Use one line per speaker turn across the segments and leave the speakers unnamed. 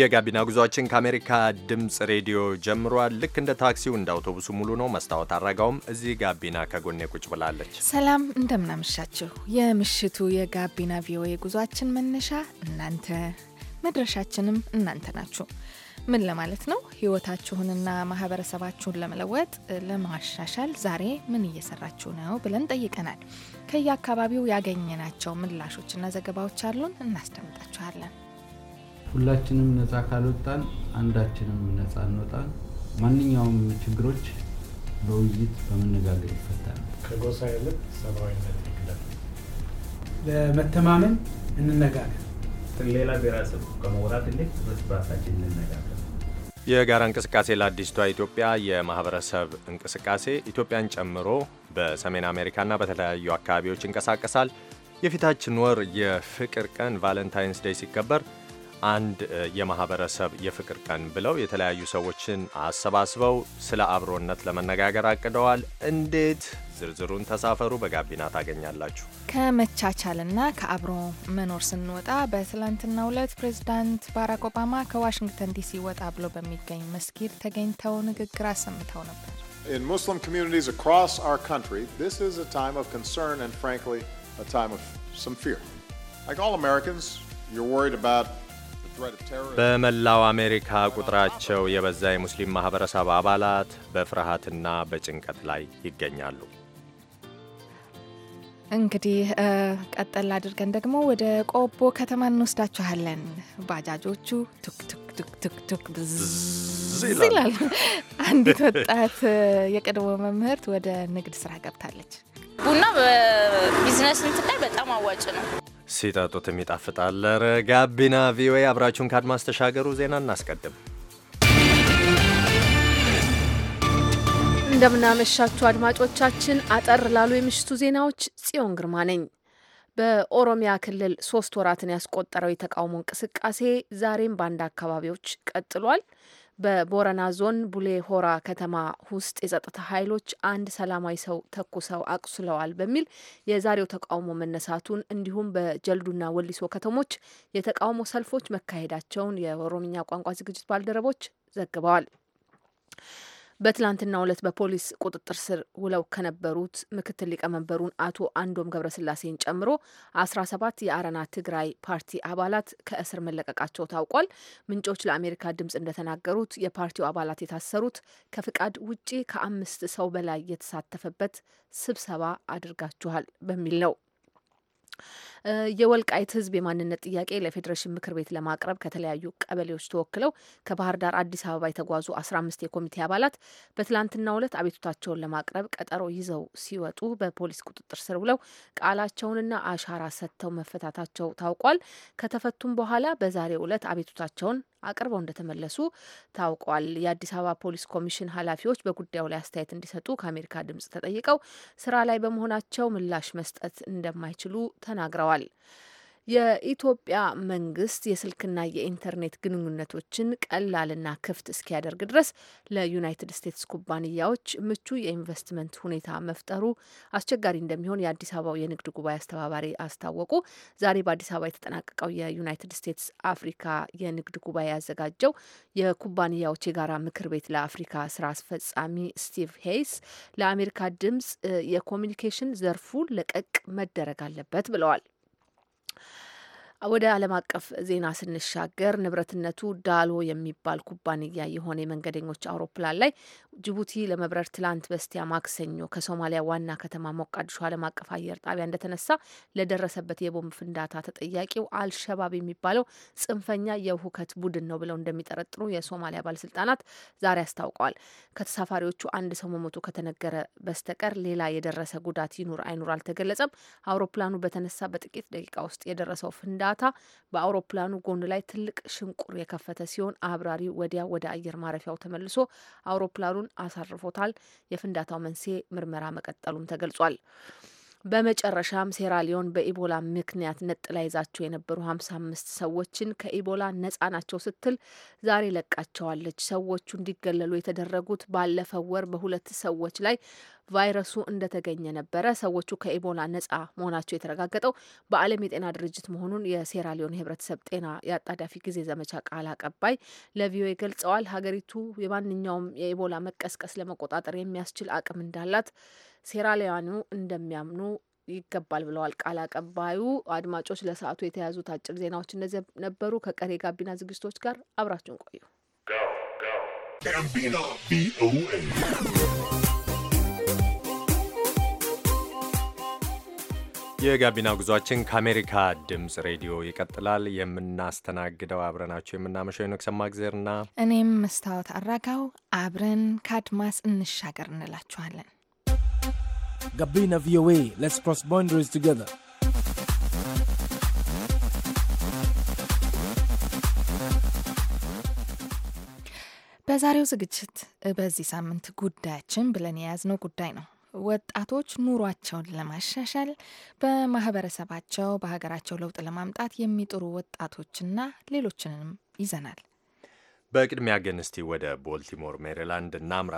የጋቢና ጉዟችን ከአሜሪካ ድምፅ ሬዲዮ ጀምሯል። ልክ እንደ ታክሲው እንደ አውቶቡሱ ሙሉ ነው። መስታወት አረጋውም እዚህ ጋቢና ከጎኔ ቁጭ ብላለች።
ሰላም እንደምናመሻችሁ። የምሽቱ የጋቢና ቪኦኤ ጉዟችን መነሻ እናንተ መድረሻችንም እናንተ ናችሁ። ምን ለማለት ነው? ህይወታችሁንና ማህበረሰባችሁን ለመለወጥ ለማሻሻል ዛሬ ምን እየሰራችሁ ነው ብለን ጠይቀናል። ከየአካባቢው ያገኘናቸው ምላሾችና ዘገባዎች አሉን፣ እናስደምጣችኋለን።
ሁላችንም ነፃ ካልወጣን አንዳችንም ነፃ እንወጣን። ማንኛውም ችግሮች በውይይት በመነጋገር ይፈታል።
ከጎሳ ይልቅ ሰብአዊነት ይግደል።
ለመተማመን እንነጋገር። ሌላ ብሔረሰብ ከመውራት ይልቅ እርስ በርሳችን እንነጋገር።
የጋራ እንቅስቃሴ ለአዲስቷ ኢትዮጵያ የማህበረሰብ እንቅስቃሴ ኢትዮጵያን ጨምሮ በሰሜን አሜሪካና በተለያዩ አካባቢዎች ይንቀሳቀሳል። የፊታችን ወር የፍቅር ቀን ቫለንታይንስ ዴይ ሲከበር አንድ የማህበረሰብ የፍቅር ቀን ብለው የተለያዩ ሰዎችን አሰባስበው ስለ አብሮነት ለመነጋገር አቅደዋል። እንዴት? ዝርዝሩን ተሳፈሩ፣ በጋቢና ታገኛላችሁ።
ከመቻቻልና ከአብሮ መኖር ስንወጣ በትላንትናው ዕለት ፕሬዚዳንት ባራክ ኦባማ ከዋሽንግተን ዲሲ ወጣ ብሎ በሚገኝ መስጊድ ተገኝተው ንግግር አሰምተው ነበር።
In Muslim communities across our country, this is a time of concern and frankly, a time of some fear.
Like all Americans, you're worried about
በመላው አሜሪካ ቁጥራቸው የበዛ የሙስሊም ማኅበረሰብ አባላት በፍርሃትና በጭንቀት ላይ ይገኛሉ።
እንግዲህ ቀጠል አድርገን ደግሞ ወደ ቆቦ ከተማ እንወስዳችኋለን። ባጃጆቹ ቱክቱክቱክቱክ ይላል። አንዲት ወጣት የቀድሞ መምህርት ወደ ንግድ ስራ ገብታለች።
ቡና በቢዝነስ እንትን ላይ በጣም አዋጭ ነው።
ሲጠጡት የሚጣፍጣል። ጋቢና ቪኦኤ አብራችሁን ከአድማስ ተሻገሩ። ዜና እናስቀድም።
እንደምናመሻችሁ አድማጮቻችን፣ አጠር ላሉ የምሽቱ ዜናዎች ጽዮን ግርማ ነኝ። በኦሮሚያ ክልል ሶስት ወራትን ያስቆጠረው የተቃውሞ እንቅስቃሴ ዛሬም በአንድ አካባቢዎች ቀጥሏል። በቦረና ዞን ቡሌ ሆራ ከተማ ውስጥ የጸጥታ ኃይሎች አንድ ሰላማዊ ሰው ተኩሰው አቁስለዋል በሚል የዛሬው ተቃውሞ መነሳቱን እንዲሁም በጀልዱና ወሊሶ ከተሞች የተቃውሞ ሰልፎች መካሄዳቸውን የኦሮምኛ ቋንቋ ዝግጅት ባልደረቦች ዘግበዋል። በትላንትናው ዕለት በፖሊስ ቁጥጥር ስር ውለው ከነበሩት ምክትል ሊቀመንበሩን አቶ አንዶም ገብረስላሴን ጨምሮ አስራ ሰባት የአረና ትግራይ ፓርቲ አባላት ከእስር መለቀቃቸው ታውቋል። ምንጮች ለአሜሪካ ድምጽ እንደተናገሩት የፓርቲው አባላት የታሰሩት ከፍቃድ ውጪ ከአምስት ሰው በላይ የተሳተፈበት ስብሰባ አድርጋችኋል በሚል ነው። የወልቃይት ህዝብ የማንነት ጥያቄ ለፌዴሬሽን ምክር ቤት ለማቅረብ ከተለያዩ ቀበሌዎች ተወክለው ከባህር ዳር አዲስ አበባ የተጓዙ አስራ አምስት የኮሚቴ አባላት በትላንትናው ዕለት አቤቱታቸውን ለማቅረብ ቀጠሮ ይዘው ሲወጡ በፖሊስ ቁጥጥር ስር ውለው ቃላቸውንና አሻራ ሰጥተው መፈታታቸው ታውቋል። ከተፈቱም በኋላ በዛሬው ዕለት አቤቱታቸውን አቅርበው እንደተመለሱ ታውቋል። የአዲስ አበባ ፖሊስ ኮሚሽን ኃላፊዎች በጉዳዩ ላይ አስተያየት እንዲሰጡ ከአሜሪካ ድምጽ ተጠይቀው ስራ ላይ በመሆናቸው ምላሽ መስጠት እንደማይችሉ ተናግረዋል። የኢትዮጵያ መንግስት የስልክና የኢንተርኔት ግንኙነቶችን ቀላልና ክፍት እስኪያደርግ ድረስ ለዩናይትድ ስቴትስ ኩባንያዎች ምቹ የኢንቨስትመንት ሁኔታ መፍጠሩ አስቸጋሪ እንደሚሆን የአዲስ አበባው የንግድ ጉባኤ አስተባባሪ አስታወቁ። ዛሬ በአዲስ አበባ የተጠናቀቀው የዩናይትድ ስቴትስ አፍሪካ የንግድ ጉባኤ ያዘጋጀው የኩባንያዎች የጋራ ምክር ቤት ለአፍሪካ ስራ አስፈጻሚ ስቲቭ ሄይስ ለአሜሪካ ድምጽ የኮሚኒኬሽን ዘርፉ ለቀቅ መደረግ አለበት ብለዋል። ወደ ዓለም አቀፍ ዜና ስንሻገር ንብረትነቱ ዳሎ የሚባል ኩባንያ የሆነ የመንገደኞች አውሮፕላን ላይ ጅቡቲ ለመብረር ትላንት በስቲያ ማክሰኞ ከሶማሊያ ዋና ከተማ ሞቃዲሾ ዓለም አቀፍ አየር ጣቢያ እንደተነሳ ለደረሰበት የቦምብ ፍንዳታ ተጠያቂው አልሸባብ የሚባለው ጽንፈኛ የውሁከት ቡድን ነው ብለው እንደሚጠረጥሩ የሶማሊያ ባለስልጣናት ዛሬ አስታውቀዋል። ከተሳፋሪዎቹ አንድ ሰው መሞቱ ከተነገረ በስተቀር ሌላ የደረሰ ጉዳት ይኑር አይኑር አልተገለጸም። አውሮፕላኑ በተነሳ በጥቂት ደቂቃ ውስጥ የደረሰው ፍንዳ ፍንዳታ በአውሮፕላኑ ጎን ላይ ትልቅ ሽንቁር የከፈተ ሲሆን አብራሪ ወዲያ ወደ አየር ማረፊያው ተመልሶ አውሮፕላኑን አሳርፎታል። የፍንዳታው መንስኤ ምርመራ መቀጠሉም ተገልጿል። በመጨረሻም ሴራሊዮን በኢቦላ ምክንያት ነጥላ ይዛቸው የነበሩ ሀምሳ አምስት ሰዎችን ከኢቦላ ነጻ ናቸው ስትል ዛሬ ለቃቸዋለች። ሰዎቹ እንዲገለሉ የተደረጉት ባለፈው ወር በሁለት ሰዎች ላይ ቫይረሱ እንደተገኘ ነበረ። ሰዎቹ ከኢቦላ ነጻ መሆናቸው የተረጋገጠው በዓለም የጤና ድርጅት መሆኑን የሴራሊዮን የህብረተሰብ ጤና የአጣዳፊ ጊዜ ዘመቻ ቃል አቀባይ ለቪኦኤ ገልጸዋል። ሀገሪቱ የማንኛውም የኢቦላ መቀስቀስ ለመቆጣጠር የሚያስችል አቅም እንዳላት ሴራሊያኑ እንደሚያምኑ ይገባል ብለዋል ቃል አቀባዩ። አድማጮች፣ ለሰዓቱ የተያዙት አጭር ዜናዎች እነዚህ ነበሩ። ከቀሪ ጋቢና ዝግጅቶች ጋር አብራችሁን ቆዩ።
የጋቢና ጉዟችን ከአሜሪካ ድምፅ ሬዲዮ ይቀጥላል። የምናስተናግደው አብረናቸው የምናመሸው የኖክ ሰማግዜርና
እኔም መስታወት አራጋው አብረን ከአድማስ እንሻገር እንላችኋለን።
ጋቢና ቪኦኤ ሌትስ ክሮስ ቦንደሪስ ቱጌዘር
በዛሬው ዝግጅት በዚህ ሳምንት ጉዳያችን ብለን የያዝነው ጉዳይ ነው ወጣቶች ኑሯቸውን ለማሻሻል በማህበረሰባቸው፣ በሀገራቸው ለውጥ ለማምጣት የሚጥሩ ወጣቶችና ሌሎችንም ይዘናል።
በቅድሚያ ግን እስቲ ወደ ቦልቲሞር ሜሪላንድ እናምራ።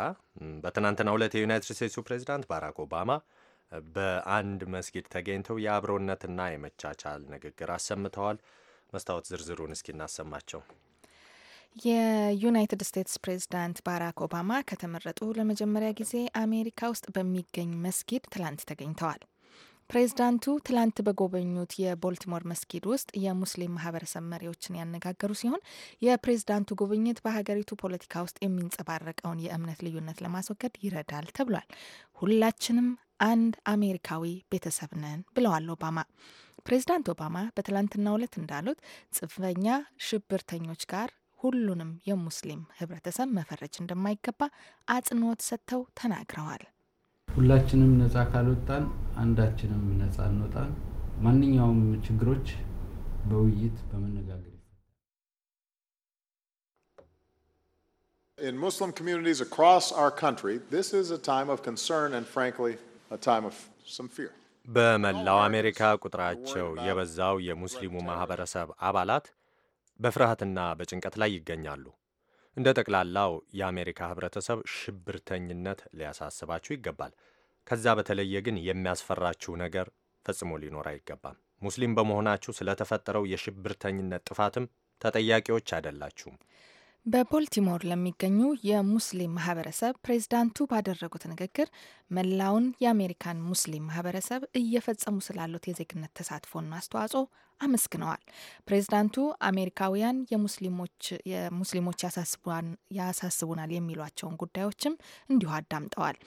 በትናንትናው ዕለት የዩናይትድ ስቴትሱ ፕሬዚዳንት ባራክ ኦባማ በአንድ መስጊድ ተገኝተው የአብሮነትና የመቻቻል ንግግር አሰምተዋል። መስታወት ዝርዝሩን እስኪ እናሰማቸው።
የዩናይትድ ስቴትስ ፕሬዝዳንት ባራክ ኦባማ ከተመረጡ ለመጀመሪያ ጊዜ አሜሪካ ውስጥ በሚገኝ መስጊድ ትላንት ተገኝተዋል። ፕሬዚዳንቱ ትላንት በጎበኙት የቦልቲሞር መስጊድ ውስጥ የሙስሊም ማህበረሰብ መሪዎችን ያነጋገሩ ሲሆን የፕሬዝዳንቱ ጉብኝት በሀገሪቱ ፖለቲካ ውስጥ የሚንጸባረቀውን የእምነት ልዩነት ለማስወገድ ይረዳል ተብሏል። ሁላችንም አንድ አሜሪካዊ ቤተሰብ ነን ብለዋል ኦባማ። ፕሬዝዳንት ኦባማ በትላንትናው ዕለት እንዳሉት ጽንፈኛ ሽብርተኞች ጋር ሁሉንም የሙስሊም ህብረተሰብ መፈረጅ እንደማይገባ አጽንኦት ሰጥተው ተናግረዋል።
ሁላችንም ነጻ ካልወጣን አንዳችንም ነጻ እንወጣን። ማንኛውም ችግሮች በውይይት በመነጋገር
In Muslim communities across our country, this is a time of concern and frankly a time of some fear.
በመላው አሜሪካ ቁጥራቸው የበዛው የሙስሊሙ ማህበረሰብ አባላት በፍርሃትና በጭንቀት ላይ ይገኛሉ። እንደ ጠቅላላው የአሜሪካ ህብረተሰብ ሽብርተኝነት ሊያሳስባችሁ ይገባል። ከዛ በተለየ ግን የሚያስፈራችሁ ነገር ፈጽሞ ሊኖር አይገባም። ሙስሊም በመሆናችሁ ስለተፈጠረው የሽብርተኝነት ጥፋትም ተጠያቂዎች አይደላችሁም።
በቦልቲሞር ለሚገኙ የሙስሊም ማህበረሰብ ፕሬዝዳንቱ ባደረጉት ንግግር መላውን የአሜሪካን ሙስሊም ማህበረሰብ እየፈጸሙ ስላሉት የዜግነት ተሳትፎና አስተዋጽኦ አመስግነዋል። ፕሬዚዳንቱ አሜሪካውያን የሙስሊሞች ያሳስቡናል የሚሏቸውን ጉዳዮችም እንዲሁ አዳምጠዋል።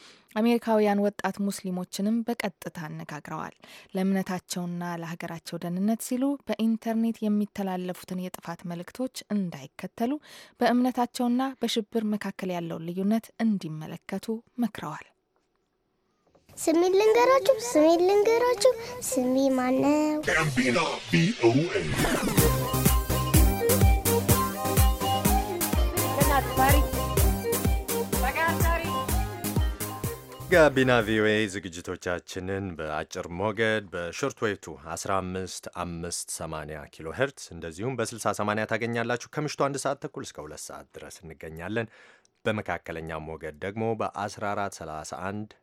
አሜሪካውያን ወጣት ሙስሊሞችንም በቀጥታ አነጋግረዋል። ለእምነታቸውና ለሀገራቸው ደህንነት ሲሉ በኢንተርኔት የሚተላለፉትን የጥፋት መልእክቶች እንዳይከተሉ፣ በእምነታቸውና በሽብር መካከል ያለውን ልዩነት እንዲመለከቱ መክረዋል።
ስሜ ልንገራችሁ ስሜ ልንገራችሁ ስሜ ማነው? ጋቢና ቪኦኤ
ጋቢና ቪኦኤ ዝግጅቶቻችንን በአጭር ሞገድ በሾርት ዌይቱ ኪሎ ሄርትስ እንደዚሁም በ 6080 ታገኛላችሁ። ከምሽቱ አንድ ሰዓት ተኩል እስከ ሁለት ሰዓት ድረስ እንገኛለን። በመካከለኛ ሞገድ ደግሞ በ1431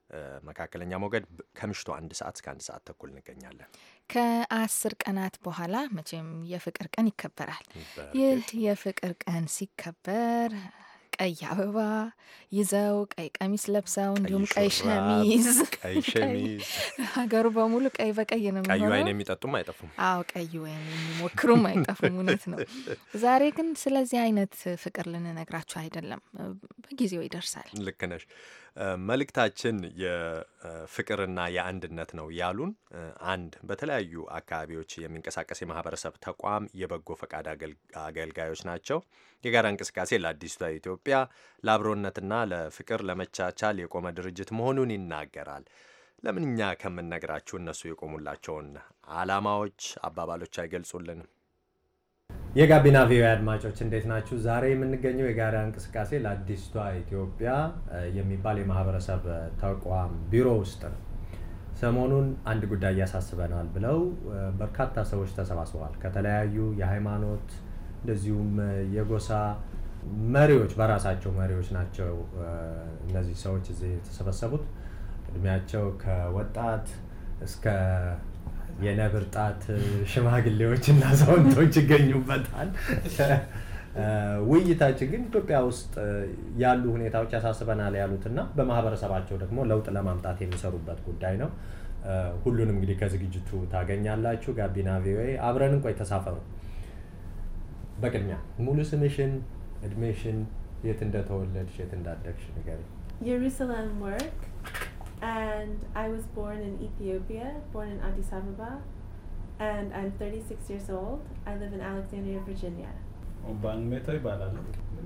መካከለኛ ሞገድ ከምሽቱ አንድ ሰዓት እስከ አንድ ሰዓት ተኩል እንገኛለን።
ከአስር ቀናት በኋላ መቼም የፍቅር ቀን ይከበራል። ይህ የፍቅር ቀን ሲከበር ቀይ አበባ ይዘው ቀይ ቀሚስ ለብሰው እንዲሁም ቀይ ሸሚዝ ቀይ ሸሚዝ ሀገሩ በሙሉ ቀይ በቀይ ነው። ቀዩ ወይን
የሚጠጡም አይጠፉም።
አዎ ቀዩ ወይን የሚሞክሩም አይጠፉም። እውነት ነው። ዛሬ ግን ስለዚህ አይነት ፍቅር ልንነግራችሁ አይደለም፣ በጊዜው ይደርሳል።
ልክ ነሽ። መልእክታችን የፍቅርና የአንድነት ነው ያሉን አንድ በተለያዩ አካባቢዎች የሚንቀሳቀስ የማህበረሰብ ተቋም የበጎ ፈቃድ አገልጋዮች ናቸው። የጋራ እንቅስቃሴ ለአዲስቷ ኢትዮጵያ ለአብሮነትና ለፍቅር ለመቻቻል የቆመ ድርጅት መሆኑን ይናገራል። ለምንኛ ከምንነግራችሁ እነሱ የቆሙላቸውን አላማዎች፣ አባባሎች አይገልጹልንም? የጋቢና ቪኦኤ አድማጮች እንዴት ናችሁ? ዛሬ የምንገኘው የጋራ እንቅስቃሴ ለአዲስቷ ኢትዮጵያ የሚባል የማህበረሰብ ተቋም ቢሮ ውስጥ ነው። ሰሞኑን አንድ ጉዳይ ያሳስበናል ብለው በርካታ ሰዎች ተሰባስበዋል። ከተለያዩ የሃይማኖት እንደዚሁም የጎሳ መሪዎች በራሳቸው መሪዎች ናቸው እነዚህ ሰዎች እዚህ የተሰበሰቡት። እድሜያቸው ከወጣት እስከ ጣት ሽማግሌዎች እና አዛውንቶች ይገኙበታል። ውይይታችን ግን ኢትዮጵያ ውስጥ ያሉ ሁኔታዎች ያሳስበናል ያሉትና በማህበረሰባቸው ደግሞ ለውጥ ለማምጣት የሚሰሩበት ጉዳይ ነው። ሁሉንም እንግዲህ ከዝግጅቱ ታገኛላችሁ። ጋቢና ቪኦኤ አብረን እንቆይ፣ ተሳፈሩ። በቅድሚያ ሙሉ ስምሽን፣ እድሜሽን፣ የት እንደተወለድሽ፣ የት እንዳደግሽ ንገሪ።
የሩሰላም ወርክ
and I was born in Ethiopia, born in Addis Ababa, and I'm 36 years old. I live in Alexandria, Virginia.
Bang metoy balal,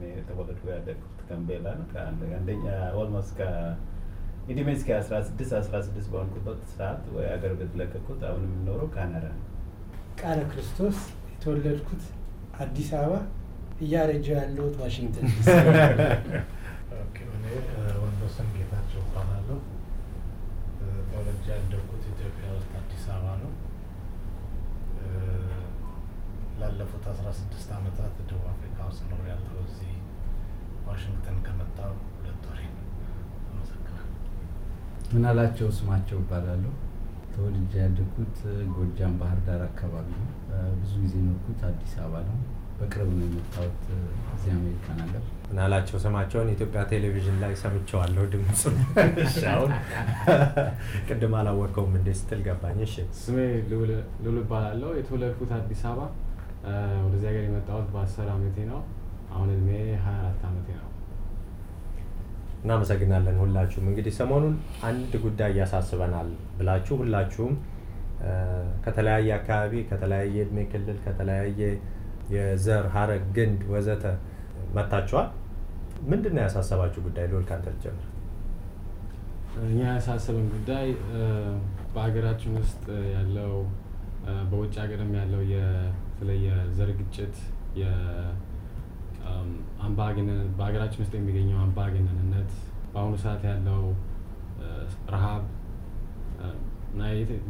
ni tawadot ko yada ka ande ande niya almost ka hindi ka asras dis asras dis born ko saat wae agar bedla ka ko tawon ni noro Kara
Kristos tawadot ko Addis Ababa. Yare Joan Washington. okay,
eh, one of ተወልጄ ያደግኩት ኢትዮጵያ ውስጥ አዲስ አበባ ነው። ላለፉት አስራ ስድስት አመታት ደቡብ አፍሪካ ውስጥ ነው ያለው። እዚህ ዋሽንግተን ከመጣሁ ሁለት ወሬ ነው። አመሰግናለሁ።
አላቸው ስማቸው እባላለሁ። ተወልጄ ያደግኩት ጎጃም ባህር ዳር አካባቢ ነው። ብዙ ጊዜ ኖርኩት አዲስ አበባ ነው። በቅርብ ነው የመጣሁት እዚህ አሜሪካን አገር።
ምናላቸው ስማቸውን ኢትዮጵያ ቴሌቪዥን ላይ ሰምቸዋለሁ ድምፁ። አሁን
ቅድም አላወቀውም እንዴ ስትል ገባኝ። እሺ ስሜ ልውል እባላለሁ። የተወለድኩት አዲስ አበባ፣ ወደዚህ ሀገር የመጣሁት በአስር አመቴ ነው። አሁን እድሜ አራት ዓመቴ ነው።
እናመሰግናለን ሁላችሁም። እንግዲህ ሰሞኑን አንድ ጉዳይ ያሳስበናል ብላችሁ ሁላችሁም ከተለያየ አካባቢ ከተለያየ እድሜ ክልል ከተለያየ የዘር ሀረግ፣ ግንድ ወዘተ መታችኋል። ምንድን ነው ያሳሰባችሁ ጉዳይ? ልል ካንተ ጀምር።
እኛ ያሳሰብን ጉዳይ በሀገራችን ውስጥ ያለው በውጭ ሀገርም ያለው የተለየ ዘር ግጭት በሀገራችን ውስጥ የሚገኘው አምባገነንነት በአሁኑ ሰዓት ያለው ረሃብ እና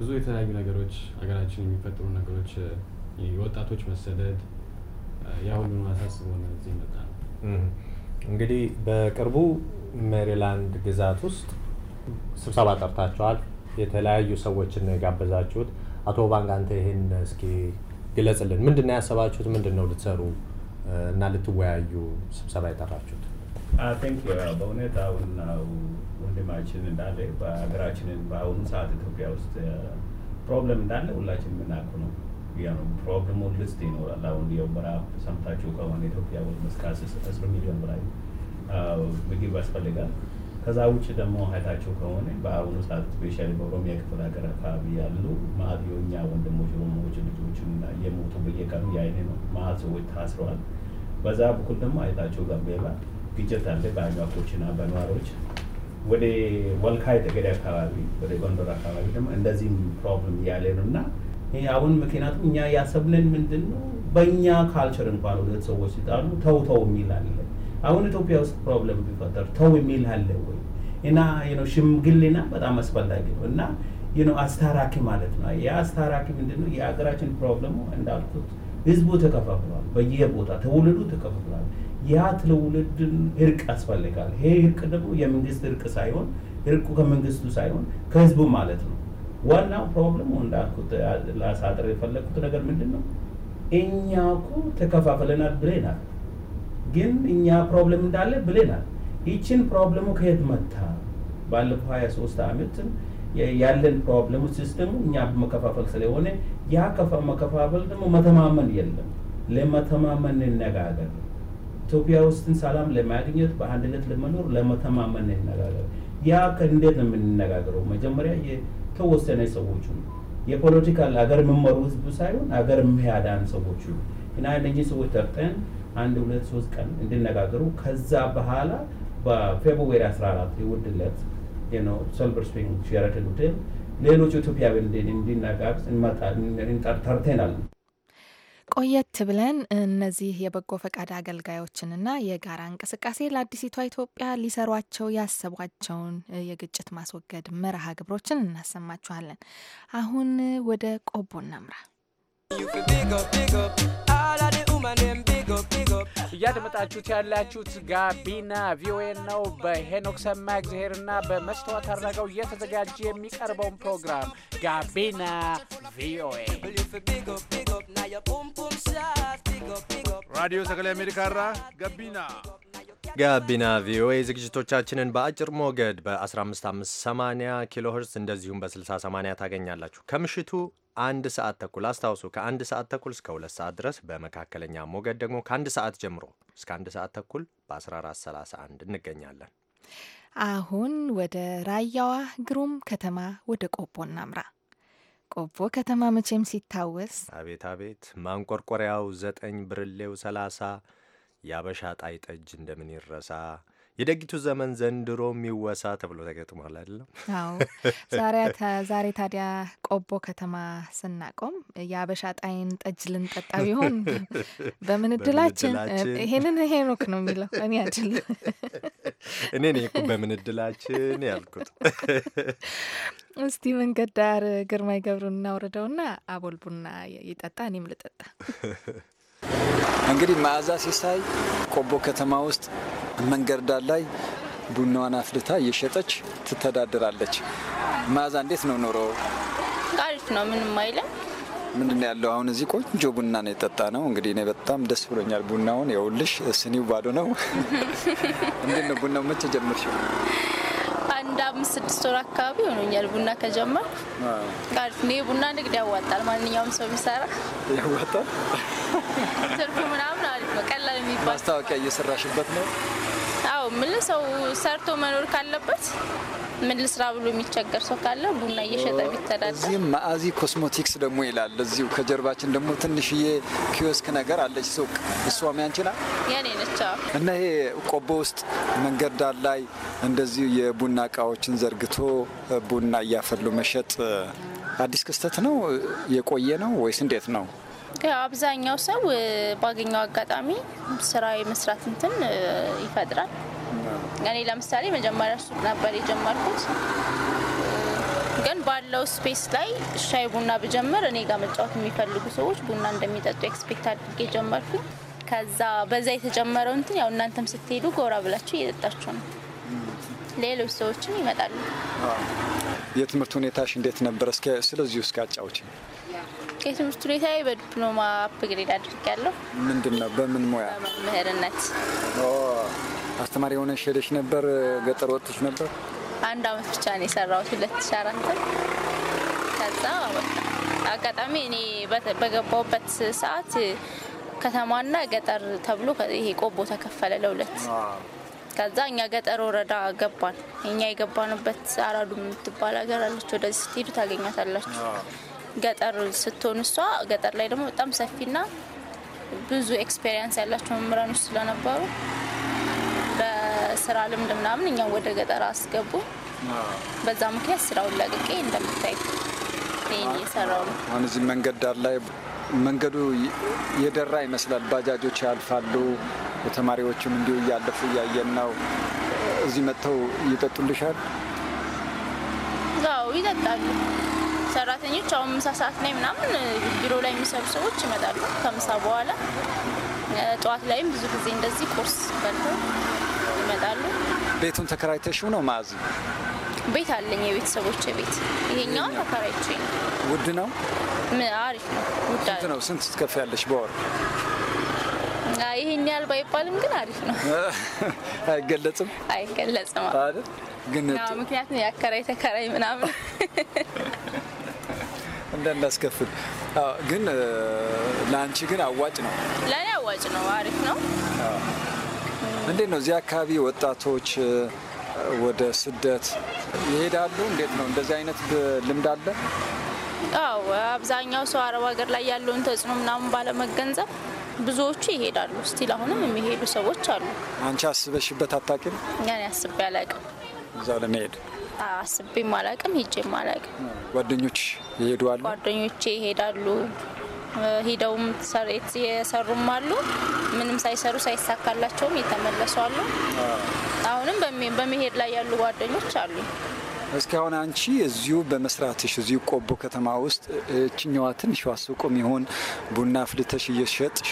ብዙ የተለያዩ ነገሮች ሀገራችን የሚፈጥሩ ነገሮች የወጣቶች መሰደድ ያሁሉን አሳስቦ ነው እዚህ መጣ ነው።
እንግዲህ በቅርቡ ሜሪላንድ ግዛት ውስጥ ስብሰባ ጠርታችኋል። የተለያዩ ሰዎችን ነው የጋበዛችሁት። አቶ ባንክ አንተ ይህን እስኪ ግለጽልን። ምንድን ነው ያሰባችሁት? ምንድን ነው ልትሰሩ እና ልትወያዩ ስብሰባ የጠራችሁት?
በእውነት አሁን ወንድማችን እንዳለ በሀገራችንን በአሁኑ ሰዓት ኢትዮጵያ ውስጥ ፕሮብለም እንዳለ ሁላችን የምናውቁ ነው ኢትዮጵያ ነው። ፕሮግራሙ ሊስት ይኖራል። አሁን የወራ ሰምታችሁ ከሆነ ኢትዮጵያ ወር እስከ አስር ሚሊዮን ብር ምግብ ያስፈልጋል። ከዛ ውጭ ደግሞ አይታችሁ ከሆነ በአሁኑ ሰዓት ስፔሻሊ በኦሮሚያ ክፍል ሀገር አካባቢ ያሉ መሀል የኛ ወንድሞች ሮሞዎች ልጆችና የሞቱ በየቀኑ ነው መሀል ሰዎች ታስረዋል። በዛ በኩል ደግሞ አይታችሁ ጋምቤላ ግጭት አለ በአኟኮችና በነዋሪዎች ወደ ወልካይ ጠገዴ አካባቢ ወደ ጎንደር አካባቢ ደግሞ እንደዚህም ፕሮብለም ያለ ነው እና አሁን ምክንያቱም እኛ ያሰብንን ምንድን ነው በእኛ ካልቸር እንኳን ሁለት ሰዎች ሲጣሉ ተው ተው የሚል አለ። አሁን ኢትዮጵያ ውስጥ ፕሮብለም ቢፈጠር ተው የሚል አለ ወይ? እና ሽምግልና በጣም አስፈላጊ ነው እና አስታራኪ ማለት ነው። ያ አስታራኪ ምንድን ነው? የሀገራችን ፕሮብለሙ እንዳልኩት ህዝቡ ተከፋፍሏል። በየቦታ ትውልዱ ተከፋፍሏል። ያ ትውልድን እርቅ ያስፈልጋል። ይሄ እርቅ ደግሞ የመንግስት እርቅ ሳይሆን እርቁ ከመንግስቱ ሳይሆን ከህዝቡ ማለት ነው ዋናው ፕሮብለም እንዳልኩት ላሳጥር የፈለግኩት ነገር ምንድን ነው? እኛ እኮ ተከፋፍለናል ብለናል፣ ግን እኛ ፕሮብለም እንዳለ ብለናል። ይችን ፕሮብለሙ ከየት መታ? ባለፈው 23 ዓመት ያለን ፕሮብለሙ ሲስተሙ እኛ በመከፋፈል ስለሆነ ያ መከፋፈል ደግሞ መተማመን የለም። ለመተማመን እንነጋገር። ኢትዮጵያ ውስጥን ሰላም ለማግኘት በአንድነት ለመኖር ለመተማመን እንነጋገር። ያ እንዴት ነው የምንነጋገረው? መጀመሪያ ተወሰነ ሰዎቹ የፖለቲካል ሀገር የምመሩ ህዝብ ሳይሆን ሀገር የሚያዳን ሰዎቹ እና እነኚህ ሰዎች ጠርጠን አንድ ሁለት ሶስት ቀን እንድነጋገሩ ከዛ በኋላ በፌብሩዋሪ 14 የውድለት ዕለት ሰልቨር ስፕሪንግ ሼራተን ሆቴል ሌሎች ኢትዮጵያውያን እንዲናጋብዝ እንጠርተናል።
ቆየት ብለን እነዚህ የበጎ ፈቃድ አገልጋዮችንና የጋራ እንቅስቃሴ ለአዲሲቷ ኢትዮጵያ ሊሰሯቸው ያሰቧቸውን የግጭት ማስወገድ መርሃ ግብሮችን እናሰማችኋለን። አሁን ወደ ቆቦ እናምራ።
እያደመጣችሁት ያላችሁት ጋቢና ቪኦኤ ነው። በሄኖክ ሰማ እግዚአብሔርና በመስተዋት አድረገው እየተዘጋጀ የሚቀርበውን ፕሮግራም ጋቢና ቪኦኤ ራዲዮ ሰገሌ አሜሪካ ራ ጋቢና
ጋቢና ቪኦኤ ዝግጅቶቻችንን በአጭር ሞገድ በ1558 ኪሎ ሄርዝ እንደዚሁም በ6080 ታገኛላችሁ። ከምሽቱ አንድ ሰዓት ተኩል አስታውሱ፣ ከአንድ ሰዓት ተኩል እስከ ሁለት ሰዓት ድረስ በመካከለኛ ሞገድ ደግሞ ከአንድ ሰዓት ጀምሮ እስከ አንድ ሰዓት ተኩል በ1431 እንገኛለን።
አሁን ወደ ራያዋ ግሩም ከተማ ወደ ቆቦ እናምራ። ቆቦ ከተማ መቼም ሲታወስ
አቤት አቤት ማንቆርቆሪያው ዘጠኝ ብርሌው ሰላሳ የአበሻ ጣይ ጠጅ እንደምን ይረሳ የደጊቱ ዘመን ዘንድሮ የሚወሳ ተብሎ ተገጥሟል አይደለም? አዎ።
ዛሬ ታዲያ ቆቦ ከተማ ስናቆም የአበሻ ጣይን ጠጅ ልንጠጣ ቢሆን በምን እድላችን ይሄንን ሄኖክ ነው የሚለው እኔ አይደል
እኔ ነኝ በምን እድላችን ያልኩት።
እስቲ መንገድ ዳር ግርማይ ገብሩን እናውርደውና አቦል ቡና ይጠጣ እኔም ልጠጣ።
እንግዲህ መዓዛ ሲሳይ ቆቦ ከተማ ውስጥ መንገድ ዳር ላይ ቡናዋን አፍልታ እየሸጠች ትተዳድራለች። መዓዛ እንዴት ነው ኑሮ?
አሪፍ ነው፣ ምንም አይልም።
ምንድን ያለው አሁን እዚህ ቆንጆ ቡና ነው የጠጣ ነው። እንግዲህ እኔ በጣም ደስ ብሎኛል ቡናውን። የውልሽ ስኒው ባዶ ነው። እንዴት ነው ቡናው መቼ ጀመርሽው?
አንድ አምስት ስድስት ወር አካባቢ ሆኖኛል ቡና ከጀመር። አሪፍ ነው ቡና ንግድ ያዋጣል። ማንኛውም ሰው ቢሰራ ያዋጣል። ትርፉ ምናምን አሪፍ ነው። ቀላል
የሚባል ማስታወቂያ እየሰራሽበት ነው
ያው ምን ሰው ሰርቶ መኖር ካለበት ምን ልስራ ብሎ የሚቸገር ሰው ካለ ቡና እየሸጠ ቢተዳደር። እዚህም
ማአዚ ኮስሞቲክስ ደግሞ ይላል። እዚሁ ከጀርባችን ደግሞ ትንሽዬ ኪዮስክ ነገር አለች ሱቅ። እሷም ያንቺ ናት? የኔ ነቻ። እና ይሄ ቆቦ ውስጥ መንገድ ዳር ላይ እንደዚሁ የቡና እቃዎችን ዘርግቶ ቡና እያፈሉ መሸጥ አዲስ ክስተት ነው? የቆየ ነው ወይስ እንዴት ነው?
አብዛኛው ሰው ባገኘው አጋጣሚ ስራ የመስራት እንትን ይፈጥራል። እኔ ለምሳሌ መጀመሪያ ሱቅ ነበር የጀመርኩት፣ ግን ባለው ስፔስ ላይ ሻይ ቡና ብጀምር እኔ ጋር መጫወት የሚፈልጉ ሰዎች ቡና እንደሚጠጡ ኤክስፔክት አድርጌ ጀመርኩኝ። ከዛ በዛ የተጀመረው እንትን ያው እናንተም ስትሄዱ ጎራ ብላችሁ እየጠጣችሁ ነው፣ ሌሎች ሰዎችም ይመጣሉ።
የትምህርት ሁኔታሽ እንዴት ነበር? እስከ ስለዚህ ውስጥ አጫዎች
የትምህርት ሁኔታ በዲፕሎማ አፕግሬድ አድርጌያለሁ።
ምንድን ነው? በምን ሙያ?
መምህርነት
አስተማሪ የሆነሽ ሄደሽ ነበር? ገጠር ወጥተሽ ነበር?
አንድ አመት ብቻ ነው የሰራሁት ሁለት ሺ አራት ከዛ አጋጣሚ እኔ በገባሁበት ሰዓት ከተማና ገጠር ተብሎ ይሄ ቆቦ ተከፈለ ለሁለት። ከዛ እኛ ገጠር ወረዳ ገባን። እኛ የገባንበት አራዱ የምትባል ሀገር አለች። ወደዚህ ስትሄዱ ታገኛታላችሁ። ገጠር ስትሆን እሷ ገጠር ላይ ደግሞ በጣም ሰፊና ብዙ ኤክስፔሪንስ ያላቸው መምህራኖች ስለነበሩ የስራ ልምድ ምናምን እኛም ወደ ገጠር አስገቡ። በዛ ምክንያት ስራውን ለቅቄ እንደምታይ ይህን እየሰራው ነው።
አሁን እዚህ መንገድ ዳር ላይ መንገዱ የደራ ይመስላል። ባጃጆች ያልፋሉ። ተማሪዎችም እንዲሁ እያለፉ እያየን ነው። እዚህ መጥተው ይጠጡልሻል?
አዎ ይጠጣሉ። ሰራተኞች አሁን ምሳ ሰዓት ላይ ምናምን ቢሮ ላይ የሚሰሩ ሰዎች ይመጣሉ ከምሳ በኋላ። ጠዋት ላይም ብዙ ጊዜ እንደዚህ ቁርስ በልተው
ቤቱን ተከራይተሽው ነው ማዝ?
ቤት አለኝ፣ የቤተሰቦች ቤት። ይሄኛው ተከራይቼ ነው። ውድ ነው? አሪፍ ነው። ውድ ነው።
ስንት ያለሽ በወር?
ይሄን ያህል ባይባልም ግን አሪፍ
ነው። አይገለጽም፣
አይገለጽም አይደል? ግን ምክንያቱም ያከራይ ተከራይ ምናምን
እንደናስከፍል ግን ለአንቺ ግን አዋጭ ነው፣
ለእኔ አዋጭ ነው፣ አሪፍ ነው።
እንዴት ነው እዚህ አካባቢ ወጣቶች ወደ ስደት ይሄዳሉ? እንዴት ነው እንደዚህ አይነት ልምድ አለ?
አዎ፣ አብዛኛው ሰው አረብ ሀገር ላይ ያለውን ተጽዕኖ ምናምን ባለመገንዘብ ብዙዎቹ ይሄዳሉ። ስቲል አሁንም የሚሄዱ ሰዎች አሉ።
አንቺ አስበሽበት አታውቂም?
እኔ አስቤ አላውቅም። እዛ ለመሄድ አስቤም አላውቅም፣ ሄጄም አላውቅም።
ጓደኞች ይሄዱ አሉ።
ጓደኞቼ ይሄዳሉ። ሂደውም የሰሩም አሉ። ምንም ሳይሰሩ ሳይሳካላቸውም የተመለሱ አሉ። አሁንም በመሄድ ላይ ያሉ ጓደኞች አሉ።
እስካሁን አንቺ እዚሁ በመስራትሽ እዚሁ ቆቦ ከተማ ውስጥ እችኛዋ ትንሽ ሱቁም ይሁን ቡና ፍልተሽ እየሸጥሽ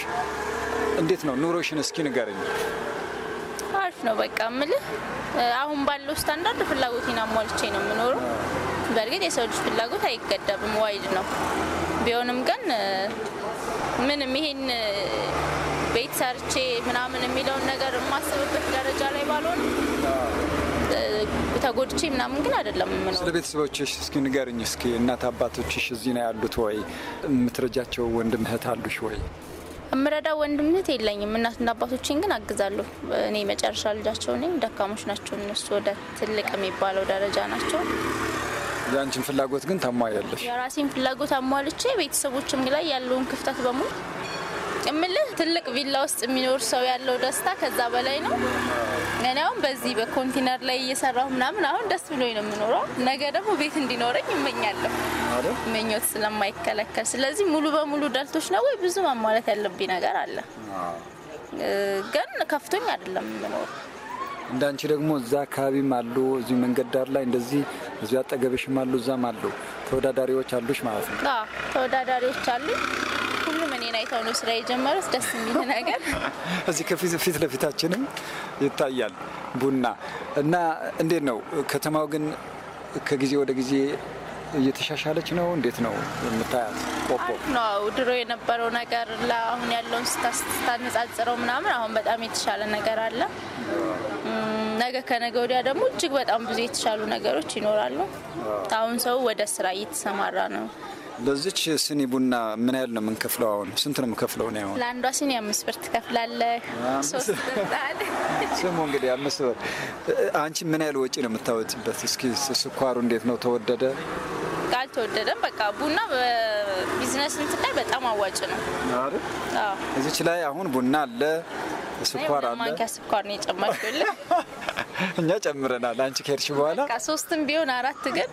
እንዴት ነው ኑሮሽን? እስኪ ንገርኝ።
አሪፍ ነው በቃ ምልህ አሁን ባለው ስታንዳርድ ፍላጎቴን አሟልቼ ነው የምኖረው። በእርግጥ የሰው ልጅ ፍላጎት አይገደብም፣ ዋይድ ነው ቢሆንም ግን ምንም ይሄን ቤት ሰርቼ ምናምን የሚለውን ነገር የማስብበት ደረጃ ላይ ባልሆንም ተጎድቼ ምናምን ግን አይደለም። ስለ
ቤተሰቦችሽ እስኪ ንገርኝ። እስኪ እናት አባቶችሽ እዚህ ነው ያሉት ወይ? የምትረጃቸው ወንድም እህት አሉሽ ወይ?
የምረዳው ወንድምነት የለኝም። እናትና አባቶችን ግን አግዛለሁ። እኔ መጨረሻ ልጃቸው ነኝ። ደካሞች ናቸው እነሱ፣ ወደ ትልቅ የሚባለው ደረጃ ናቸው።
የአንቺን ፍላጎት ግን ታሟያለሽ።
የራሴን ፍላጎት አሟልቼ ቤተሰቦችም ላይ ያለውን ክፍተት በሙሉ እምልህ ትልቅ ቪላ ውስጥ የሚኖር ሰው ያለው ደስታ ከዛ በላይ ነው። እኔ አሁን በዚህ በኮንቲነር ላይ እየሰራሁ ምናምን አሁን ደስ ብሎኝ ነው የምኖረው። ነገ ደግሞ ቤት እንዲኖረኝ እመኛለሁ፣ ምኞት ስለማይከለከል። ስለዚህ ሙሉ በሙሉ ደልቶች ነው ወይ ብዙ ማሟላት ያለብኝ ነገር አለ፣ ግን ከፍቶኝ አይደለም የምኖረው።
እንዳንቺ ደግሞ እዛ አካባቢም አሉ እዚህ መንገድ ዳር ላይ እንደዚህ እዚህ አጠገብሽም አሉ፣ እዛም አሉ፣ ተወዳዳሪዎች አሉሽ ማለት
ነው። ተወዳዳሪዎች አሉ። ሁሉም እኔን አይተው ነው ስራ የጀመሩት። ደስ የሚል ነገር
እዚህ ከፊት ለፊታችንም ይታያል ቡና እና እንዴት ነው ከተማው ግን ከጊዜ ወደ ጊዜ እየተሻሻለች ነው። እንዴት ነው የምታያት? ቆቦ
ነው ድሮ የነበረው ነገር ለአሁን ያለውን ስታነጻጽረው ምናምን አሁን በጣም የተሻለ ነገር አለ። ነገ ከነገ ወዲያ ደግሞ እጅግ በጣም ብዙ የተሻሉ ነገሮች ይኖራሉ። አሁን ሰው ወደ ስራ እየተሰማራ ነው።
ለዚች ስኒ ቡና ምን ያህል ነው የምንከፍለው? አሁን ስንት ነው የምከፍለው? ነው አሁን
ለአንዷ ስኒ አምስት ብር ትከፍላለህ።
ስሙ እንግዲህ አምስት ብር። አንቺ ምን ያህል ወጪ ነው የምታወጭበት እስኪ ስኳሩ እንዴት ነው ተወደደ?
አልተወደደም። በቃ ቡና በቢዝነስ እንትን ላይ በጣም አዋጭ ነው።
እዚች ላይ አሁን ቡና አለ ስኳር አለ። ማንኪያ
ስኳር ነው የጨመርኩልህ።
እኛ ጨምረናል። አንቺ ከሄድሽ በኋላ
ሶስትም ቢሆን አራት ግን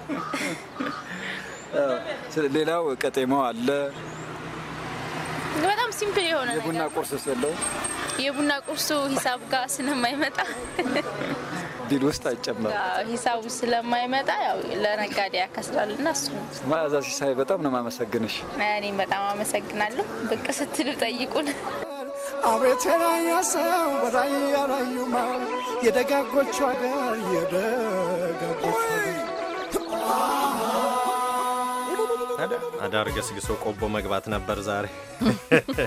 ሌላው ቀጤማው አለ።
በጣም ሲምፕል የሆነ ነገር
የቡና ቁርስ ስለው
የቡና ቁርሱ ሂሳብ ጋር ስለማይመጣ
ቢል ውስጥ አይጨመር
ሂሳቡ ስለማይመጣ ያው ለነጋዴ ያከስራል እና እሱ
መዓዛ ሲሳይ በጣም ነው የማመሰግንሽ።
እኔም በጣም አመሰግናለሁ። ብቅ ስትሉ ጠይቁን። አቤት የራያ ሰው በራያ ራዩማ
የደጋጎቹ አገር የደጋጎቹ
አዳር ገስግሶ ቆቦ መግባት ነበር ዛሬ።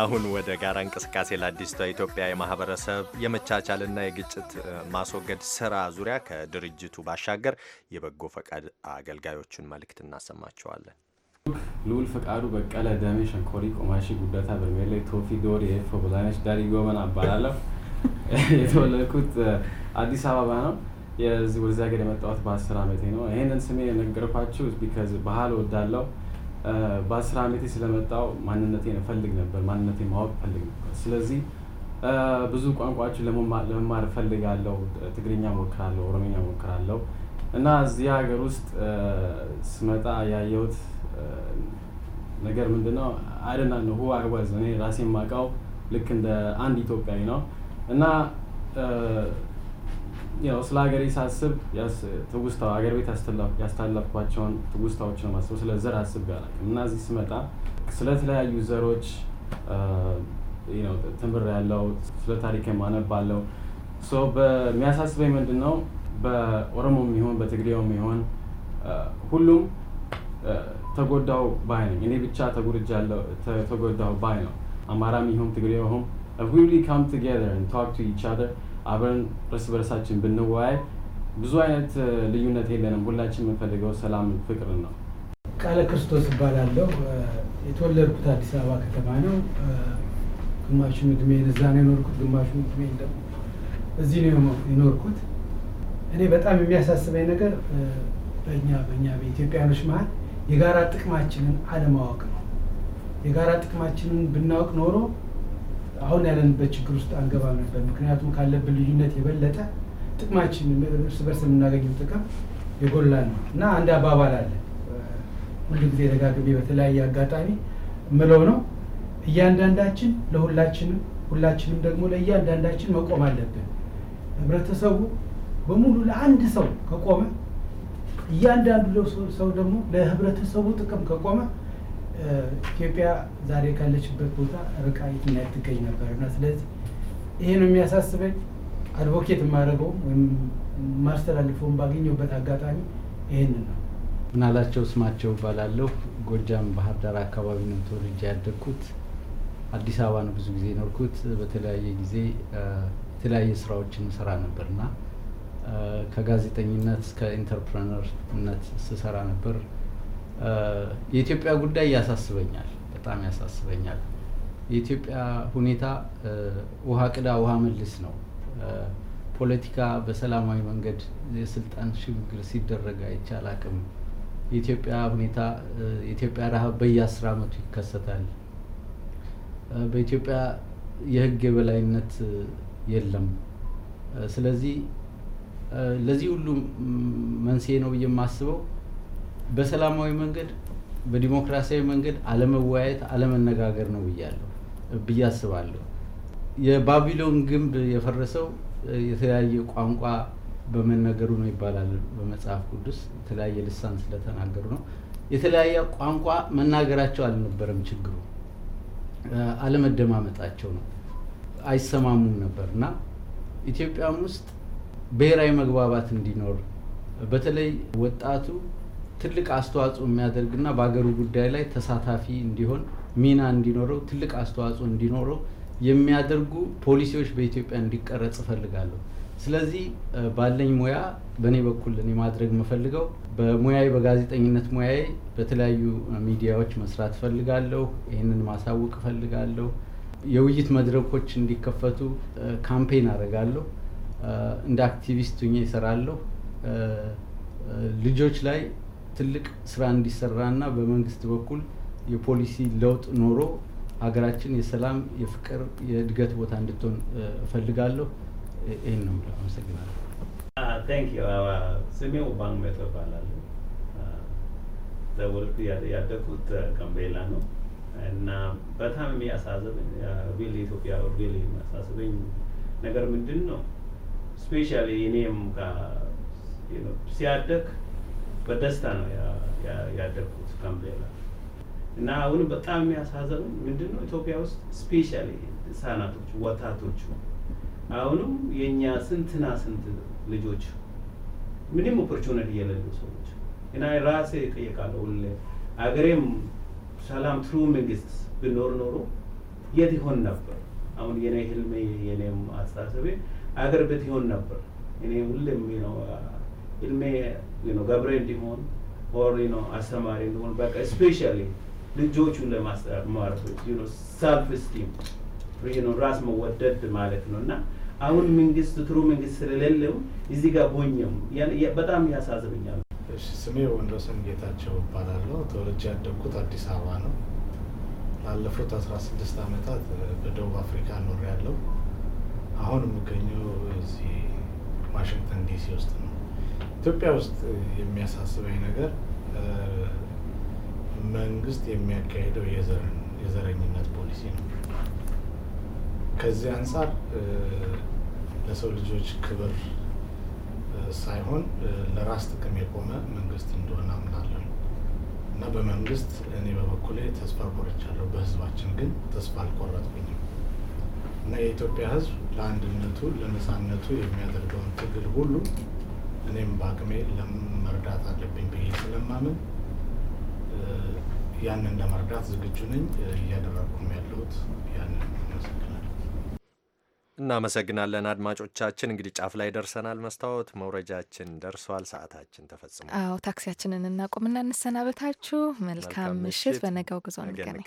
አሁን ወደ ጋራ እንቅስቃሴ ለአዲስቷ ኢትዮጵያ የማህበረሰብ የመቻቻልና የግጭት ማስወገድ ስራ ዙሪያ ከድርጅቱ ባሻገር የበጎ ፈቃድ አገልጋዮቹን መልእክት እናሰማቸዋለን።
ልዑል ፈቃዱ በቀለ፣ ደሜ ሸንኮሪ፣ ቆማሺ ጉደታ፣ ላይ ቶፊ፣ ዶር ኤፎ በላይነሽ፣ ዳሪ ጎበና አባላለሁ። የተወለድኩት አዲስ አበባ ነው። የዚህ ወደዚህ ሀገር የመጣሁት በአስር ዓመቴ ነው። ይህንን ስሜ የነገርኳችሁ ቢካዝ ባህል ወዳለው በአስር ዓመቴ ስለመጣው ማንነቴ እፈልግ ነበር፣ ማንነቴ ማወቅ እፈልግ ነበር። ስለዚህ ብዙ ቋንቋዎችን ለመማር እፈልጋለሁ። ትግርኛ ሞክራለሁ፣ ኦሮምኛ ሞክራለሁ እና እዚህ ሀገር ውስጥ ስመጣ ያየሁት ነገር ነው አደና ነው ሁ አይወዝ እኔ ራሴ የማውቀው ልክ እንደ አንድ ኢትዮጵያዊ ነው እና ያው ስለ ሀገሬ ሳስብ ትውስታ ሀገር ቤት ያስታለፍኳቸውን ትውስታዎች ነው ማስበው። ስለ ዘር አስብ አላውቅም እና እዚህ ስመጣ ስለተለያዩ ዘሮች ትምህር ያለው ስለ ታሪክ የማነባለው በሚያሳስበኝ ምንድን ነው በኦሮሞም ይሆን በትግሬውም ይሆን ሁሉም ተጎዳው ባይ ነኝ። እኔ ብቻ ተጎዳው ባይ ነው። አማራም ይሁን ትግሬ ይሁን if we really come together and talk to each other አብረን እርስ በርሳችን ብንወያይ ብዙ አይነት ልዩነት የለንም። ሁላችን የምንፈልገው ሰላም ፍቅር ነው።
ቃለ ክርስቶስ እባላለሁ። የተወለድኩት አዲስ አበባ ከተማ ነው። ግማሹን እድሜ እዛ ነው የኖርኩት፣ ግማሹን እድሜ ደግሞ እዚህ ነው የኖርኩት። እኔ በጣም የሚያሳስበኝ ነገር በእኛ በእኛ በኢትዮጵያኖች መሀል የጋራ ጥቅማችንን አለማወቅ ነው። የጋራ ጥቅማችንን ብናወቅ ኖሮ አሁን ያለንበት ችግር ውስጥ አንገባም ነበር። ምክንያቱም ካለብን ልዩነት የበለጠ ጥቅማችን እርስ በርስ የምናገኘው ጥቅም የጎላ ነው እና አንድ አባባል አለ ጊዜ ደጋግሜ በተለያየ አጋጣሚ ምለው ነው እያንዳንዳችን ለሁላችንም ሁላችንም ደግሞ ለእያንዳንዳችን መቆም አለብን። ህብረተሰቡ በሙሉ ለአንድ ሰው ከቆመ እያንዳንዱ ሰው ደግሞ ለህብረተሰቡ ጥቅም ከቆመ ኢትዮጵያ ዛሬ ካለችበት ቦታ ርቃ የትናየት ትገኝ ነበር እና ስለዚህ ይሄ ነው የሚያሳስበኝ። አድቮኬት የማደርገው ወይም ማስተላልፈውን ባገኘሁበት አጋጣሚ ይህንን ነው።
ምናላቸው ስማቸው እባላለሁ። ጎጃም ባህር ዳር አካባቢ ነው ተወልጄ ያደግኩት። አዲስ አበባ ነው ብዙ ጊዜ ኖርኩት። በተለያየ ጊዜ የተለያየ ስራዎችን እሰራ ነበርና ከጋዜጠኝነት እስከ ኢንተርፕረነርነት ስሰራ ነበር። የኢትዮጵያ ጉዳይ ያሳስበኛል፣ በጣም ያሳስበኛል። የኢትዮጵያ ሁኔታ ውሃ ቅዳ ውሃ መልስ ነው። ፖለቲካ በሰላማዊ መንገድ የስልጣን ሽግግር ሲደረግ አይቻል አቅም የኢትዮጵያ ሁኔታ የኢትዮጵያ ረሃብ በየአስር ዓመቱ ይከሰታል። በኢትዮጵያ የህግ የበላይነት የለም። ስለዚህ ለዚህ ሁሉ መንስኤ ነው ብዬ የማስበው በሰላማዊ መንገድ በዲሞክራሲያዊ መንገድ አለመወያየት፣ አለመነጋገር ነው ብያለሁ ብዬ አስባለሁ። የባቢሎን ግንብ የፈረሰው የተለያየ ቋንቋ በመነገሩ ነው ይባላል በመጽሐፍ ቅዱስ። የተለያየ ልሳን ስለተናገሩ ነው። የተለያየ ቋንቋ መናገራቸው አልነበረም ችግሩ፣ አለመደማመጣቸው ነው። አይሰማሙም ነበር እና ኢትዮጵያም ውስጥ ብሔራዊ መግባባት እንዲኖር በተለይ ወጣቱ ትልቅ አስተዋጽኦ የሚያደርግና በሀገሩ ጉዳይ ላይ ተሳታፊ እንዲሆን ሚና እንዲኖረው ትልቅ አስተዋጽኦ እንዲኖረው የሚያደርጉ ፖሊሲዎች በኢትዮጵያ እንዲቀረጽ እፈልጋለሁ። ስለዚህ ባለኝ ሙያ በእኔ በኩል እኔ ማድረግ የምፈልገው በሙያዬ በጋዜጠኝነት ሙያዬ በተለያዩ ሚዲያዎች መስራት እፈልጋለሁ። ይህንን ማሳወቅ እፈልጋለሁ። የውይይት መድረኮች እንዲከፈቱ ካምፔን አደርጋለሁ። እንደ አክቲቪስት ሁኜ እሰራለሁ። ልጆች ላይ ትልቅ ስራ እንዲሰራ እና በመንግስት በኩል የፖሊሲ ለውጥ ኖሮ ሀገራችን የሰላም፣ የፍቅር፣ የእድገት ቦታ እንድትሆን እፈልጋለሁ። ይህን ነው የምለው። አመሰግናለሁ።
ስሜው ባንመቶ እባላለሁ። ተወልጄ ያደግኩት ጋምቤላ ነው እና በጣም የሚያሳዝብ ሪሊ ኢትዮጵያ ሪሊ የሚያሳዝበኝ ነገር ምንድን ነው ስፔሻሊ እኔም ሲያደግ በደስታ ነው ያደግኩት ካምቤላ እና አሁንም በጣም የሚያሳዝነው ምንድን ነው ኢትዮጵያ ውስጥ ስፔሻሊ ህጻናቶቹ፣ ወጣቶቹ አሁንም የእኛ ስንትና ስንት ልጆች ምንም ኦፖርቹኒቲ የሌሉ ሰዎች እና ራሴ እጠይቃለሁ ሁሌ አገሬም ሰላም ትሩ መንግስት ብኖር ኖሮ የት ይሆን ነበር? አሁን የኔ ህልሜ የኔም አስተሳሰቤ አገር ቤት ይሆን ነበር። እኔ ሁሌም ነው uh, እድሜ ገብሬ እንዲሆን ኦር ነው አስተማሪ እንዲሆን በቃ ስፔሻሊ ልጆቹን ለማስተዳደር ማረቶች ሰልፍ ስቲም ራስ መወደድ ማለት ነው እና አሁን መንግስት ጥሩ መንግስት ስለሌለው እዚህ ጋር ቦኘም በጣም ያሳዝብኛል። ስሜ
ወንድወሰን ጌታቸው እባላለሁ። ተወልጄ ያደግኩት አዲስ አበባ ነው። ላለፉት አስራ ስድስት ዓመታት በደቡብ አፍሪካ ያለው አሁን የምገኘው እዚህ ዋሽንግተን ዲሲ ውስጥ ነው። ኢትዮጵያ ውስጥ የሚያሳስበኝ ነገር መንግስት የሚያካሄደው የዘረኝነት ፖሊሲ ነው። ከዚህ አንጻር ለሰው ልጆች ክብር ሳይሆን ለራስ ጥቅም የቆመ መንግስት እንደሆነ አምናለሁ እና በመንግስት እኔ በበኩሌ ተስፋ ቆርጫለሁ። በህዝባችን ግን ተስፋ አልቆረጥኩኝም። እና የኢትዮጵያ ሕዝብ ለአንድነቱ ለነፃነቱ የሚያደርገውን ትግል ሁሉ እኔም በአቅሜ ለመርዳት አለብኝ ብዬ ስለማምን ያንን ለመርዳት ዝግጁ ነኝ። እያደረግኩም ያለሁት ያንን።
እናመሰግናለን አድማጮቻችን። እንግዲህ ጫፍ ላይ ደርሰናል። መስታወት መውረጃችን ደርሷል። ሰዓታችን ተፈጽሞ አዎ
ታክሲያችንን እናቁምና እንሰናበታችሁ። መልካም ምሽት። በነጋው ጉዞ እንገናኝ።